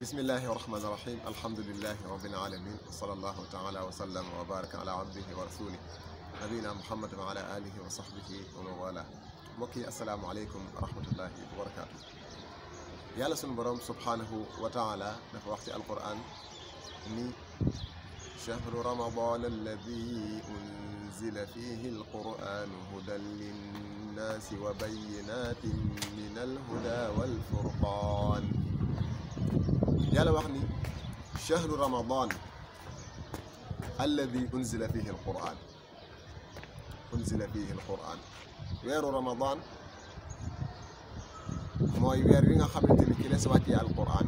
بسم الله الرحمن الرحيم الحمد لله رب العالمين صلى الله تعالى وسلم وبارك على عبده ورسوله نبينا محمد وعلى اله وصحبه ومن والاه مكي السلام عليكم ورحمه الله وبركاته يا لسن برام سبحانه وتعالى في وقت القران ني شهر رمضان الذي انزل فيه القران هدى للناس وبينات من الهدى والفرقان يالا وخني شهر رمضان الذي انزل فيه القران انزل فيه القران وير رمضان موي وير ويغا خامتيني كي لسوا تي القران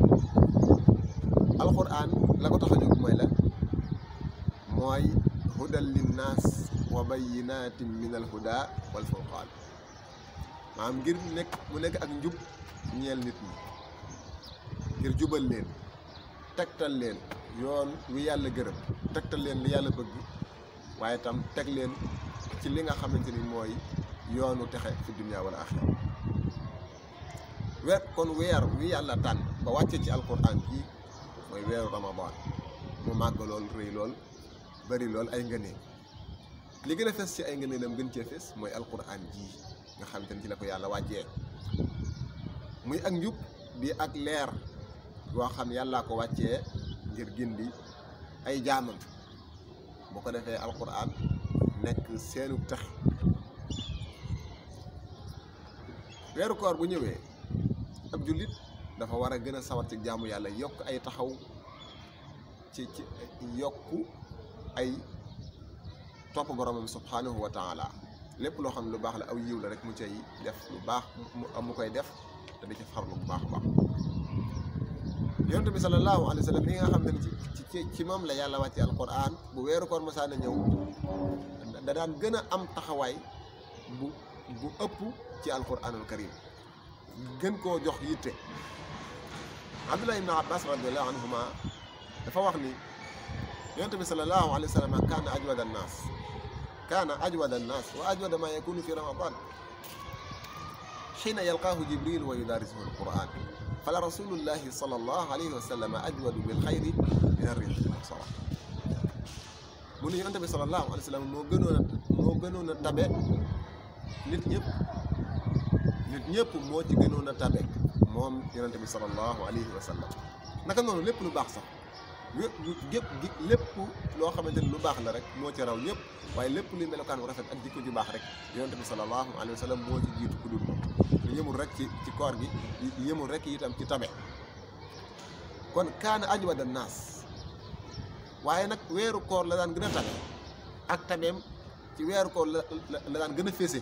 القران لا كو تخاجو موي لا موي هدى للناس وبينات من الهدى والفرقان ما ام غير نيك مو نيك اك نيوب ñeel nit ñi ngir jubal leen tegtal leen yoon wi yàlla gërëm tegtal leen li yàlla bëgg waaye tam teg leen ci li nga xamante ni mooy yoonu texe fi dunya wala axira weer kon weer wi yàlla tànn ba wàccee ci alquran ji mooy weeru ramadan mu màgg lool rëy lool bari lool ay ngëne li gën a fes ci ay ngëneelam gën cee fes mooy alquran ji nga xamante ci la ko yàlla wàcce muy ak njub bi ak leer boo xam yàllaa ko wàccee ngir gindi ay jaamam bu ko defee alquran nekk seenu tax weeru koor bu ñëwee ak jullit dafa war a gën a sawar ci jaamu yàlla yokk ay taxaw ci ci yokk ay topp boromam subhanahu wa taala lépp loo xam ne lu baax la aw yiw la rek mu cay def lu baax mu koy def te di ci farlu bu baax a baax yonent bi sallallahu alayhi wa sallam mi nga xam ne ci ci moom la yàlla wàcce alquran bu weeru koor mosaana ñëw da daan gën a am taxawaay bu bu ëpp ci alquranul karim gën koo jox yitte abdullah ibn abbas radiallahu anhuma dafa wax ni yonent bi sallallahu alayhi wa sallam kaana ajwada annaas kaana ajwada annaas wa ajwada ma yakunu fi ramadan xiina yalqaahu jibril wa yudaarisuhu alquran قال رسول الله صلى الله عليه وسلم اجود بالخير من الريح صراحه من يونت صلى الله عليه وسلم مو غنونا مو غنونا تابع نيت نيب نيت نيب مو تي غنونا تابع موم يونت صلى الله عليه وسلم نكا نون ليب لو باخ صاح gépp lépp loo xamante ni lu baax la rek moo ci raw ñëpp waaye lépp luy melokaan bu rafet ak jikko ju baax rek yonent bi sallallahu alayhi wa sallam moo ci jiitu ku dul moom lu yëmul rek ci ci koor gi yëmul rek itam ci tabe kon kaana wa naas waaye nag weeru koor la daan gën a tabe ak tabeem ci weeru koor la daan gën a féese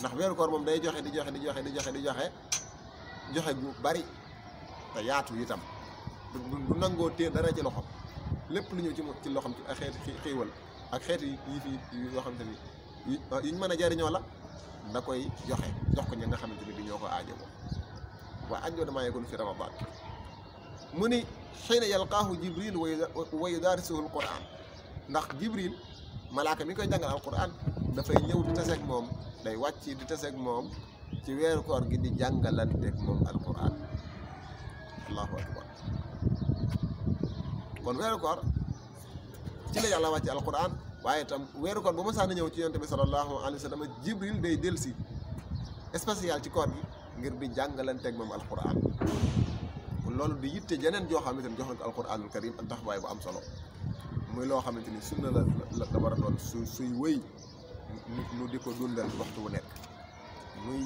ndax weeru koor moom day joxe di joxe di joxe di joxe di joxe joxe gu bari te yaatu itam du nangoo téye dara ci loxom lépp lu ñëw ci ci loxom ci ak xeeti xiiwal ak xeeti yi fi yoo xamante ni yi ñu mën a jariñoo la da koy joxe jox ko ñi nga xamante ni bi ñoo ko aajowoo waa ajoo damaa yegoon fi ramadan mu ni xiina yalqaahu jibril wa yudaarisuhu alquran ndax jibril malaaka mi koy jàngal alquran dafay ñëw di taseeg moom day wàcc di taseeg moom ci weeru koor gi di jàngalanteeg moom alquran allahu akbar kon weeru koor ci la yàlla wàcce alquran waaye itam weeru koor bu ma sànni ñëw ci yonte bi sallallahu alayhi wa sallam jibril day delsi spécial ci koor gi ngir di jàngalanteeg moom alquran loolu di yitte jeneen joo xamante ni jox nañ ko alquranul karim ak taxawaay bu am solo muy loo xamante ni sunna la la la war a doon suy wëy nu di ko dundal waxtu wu nekk muy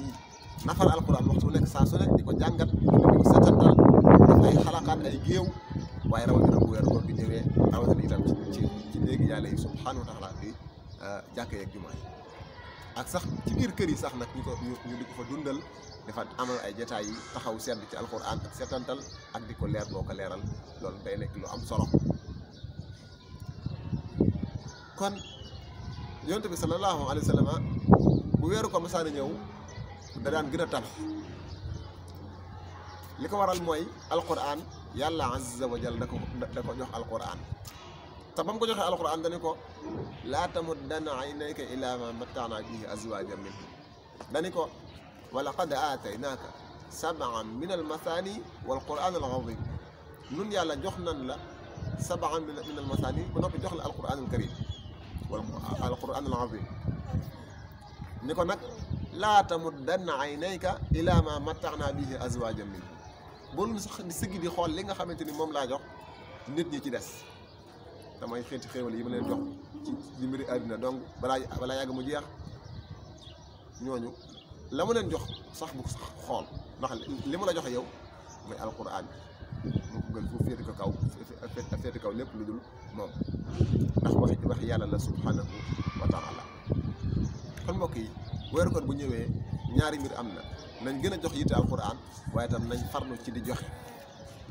nafar alquran waxtu wu nekk saa su nekk di ko jàngat di ko setantal def ay ay géew rawatina itam ci ci néegi yàlla yi subhaanahu wa taala bi euh, jumaa yi ak sax ci biir kër yi sax nag ñu ko ñu di ko fa dundal dafa amal ay jataay yi taxaw sedd ci alxuraan ak setantal ak di ko leer boo ko leeral loolu day nekk lu am solo kon yonent bi salallaahu alayhi wa sallam bu weeru ko masaana ñëw da daan gën a tabax li ko waral mooy alxuraan yàlla azza wa jal da ko da ko jox alquran te ba mu ko joxee alquran dañu ko laa tamuddanna aynayka ilaa maa matta'naa bihi azwaajan minhum dañu ko wa laqad aataynaaka sab'an min almathani wal quran al azim nun yàlla jox nan la sab'an min almathani ba noppi jox la alquran al karim wal alquran al azim ni ko nag laa tamuddanna aynayka ilaa maa matta'naa bihi azwaajan minhum boo sax di sëgg di xool li nga xamante ni moom laa jox nit ñi ci des damay xeeti xéewal yi ma leen jox ci ci mbiri àddina donc balaa balaa yàgg mu jeex ñooñu la ma leen jox sax bu sax xool ndax li ma la jox yow mooy alquran moo ko gën fu féeti ko kaw féeti kaw lépp lu dul moom ndax wax wax yàlla la subhanahu wa taala kon mbokk yi weeru kon bu ñëwee ñaari mbir am na nañ gën a jox yitte alquran waaye tam nañ farlu ci di joxe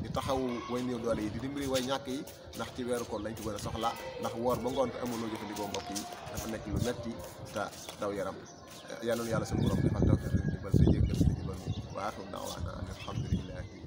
di taxawu way néew doole yi di dimbali way ñàkk yi ndax ci weeru koor lañ ko gën a soxla ndax woor ba ngoon te amuloo jëfandikoo mbokk yi dafa nekk lu metti te daw yaram yàlla na yàlla suñu borom defal taw bi di bal sa jéggal sa jubal wa aaxiru da'waanaa alhamdulillahi